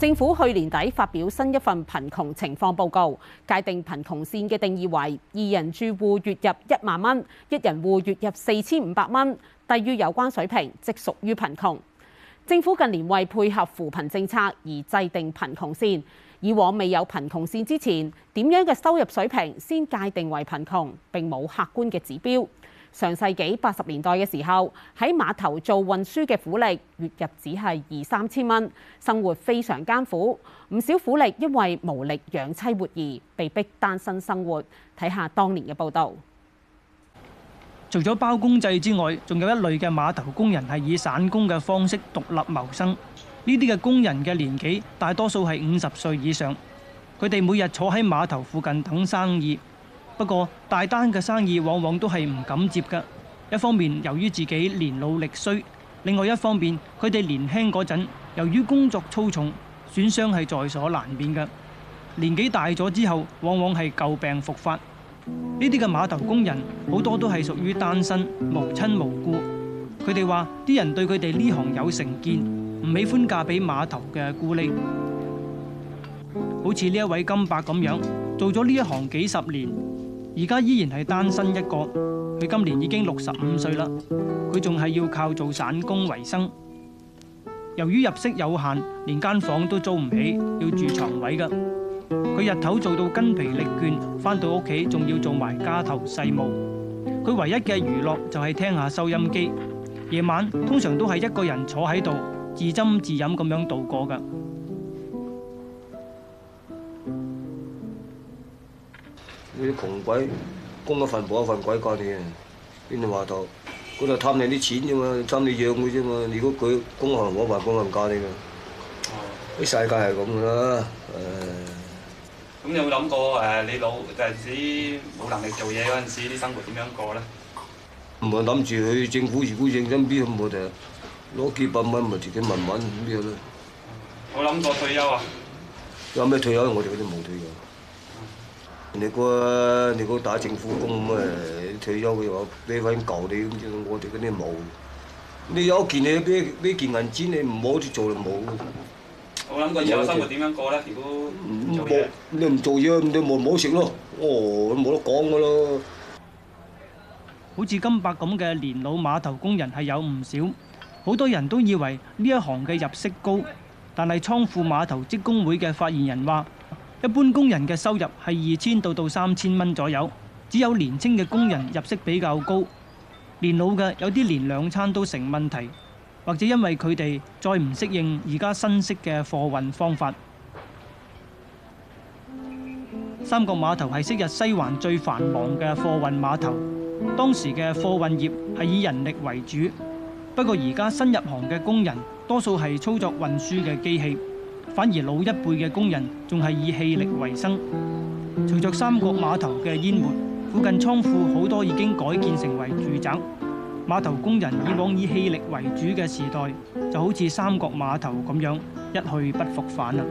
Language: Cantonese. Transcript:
政府去年底發表新一份貧窮情況報告，界定貧窮線嘅定義為二人住戶月入一萬蚊，一人戶月入四千五百蚊，低於有關水平即屬於貧窮。政府近年為配合扶貧政策而制定貧窮線，以往未有貧窮線之前，點樣嘅收入水平先界定為貧窮，並冇客觀嘅指標。上世紀八十年代嘅時候，喺碼頭做運輸嘅苦力，月入只係二三千蚊，生活非常艱苦。唔少苦力因為無力養妻活兒，被迫單身生活。睇下當年嘅報導。除咗包工制之外，仲有一類嘅碼頭工人係以散工嘅方式獨立謀生。呢啲嘅工人嘅年紀大多數係五十歲以上，佢哋每日坐喺碼頭附近等生意。不過大單嘅生意往往都係唔敢接噶。一方面由於自己年老力衰，另外一方面佢哋年輕嗰陣由於工作粗重，損傷係在所難免噶。年紀大咗之後，往往係舊病復發。呢啲嘅碼頭工人好多都係屬於單身無親無故。佢哋話啲人對佢哋呢行有成見，唔喜歡嫁俾碼頭嘅苦力。好似呢一位金伯咁樣，做咗呢一行幾十年。而家依然係單身一個，佢今年已經六十五歲啦，佢仲係要靠做散工為生。由於入息有限，連間房都租唔起，要住床位噶。佢日頭做到筋疲力倦，返到屋企仲要做埋家頭細務。佢唯一嘅娛樂就係聽下收音機，夜晚通常都係一個人坐喺度，自斟自飲咁樣度過噶。呢啲窮鬼供一份補一份，一份鬼怪你啊！邊度話到？佢就貪你啲錢啫嘛，貪你養佢啫嘛。如果佢供唔到，冇份供唔嫁你噶。啲世界係咁噶啦。咁你有冇諗過誒？你老陣時冇能力做嘢嗰陣時，啲生活點樣過咧？唔係諗住去政府，如果認真啲咁，我哋攞幾百蚊，咪自己慢慢咁樣咯。我諗過退休啊！有咩退、啊、退休？我哋嗰啲冇退休。你個你個打政府工咁啊，退休嘅話俾翻舊啲，我哋嗰啲冇。你有一件你俾俾件銀紙你唔好做就冇。我諗佢以後生活點樣過咧？如果唔做嘢，你唔做嘢咁你冇唔好食咯，哦冇得講嘅咯。好似金伯咁嘅年老碼頭工人係有唔少，好多人都以為呢一行嘅入息高，但係倉庫碼頭職工會嘅發言人話，一般工人嘅收入係二千到到三千蚊左右，只有年青嘅工人入息比較高，年老嘅有啲連兩餐都成問題，或者因為佢哋再唔適應而家新式嘅貨運方法。三角碼頭係昔日西環最繁忙嘅貨運碼頭，當時嘅貨運業係以人力為主，不過而家新入行嘅工人多數係操作運輸嘅機器。反而老一輩嘅工人仲係以氣力為生。隨着三角碼頭嘅淹沒，附近倉庫好多已經改建成為住宅。碼頭工人以往以氣力為主嘅時代，就好似三角碼頭咁樣，一去不復返啦。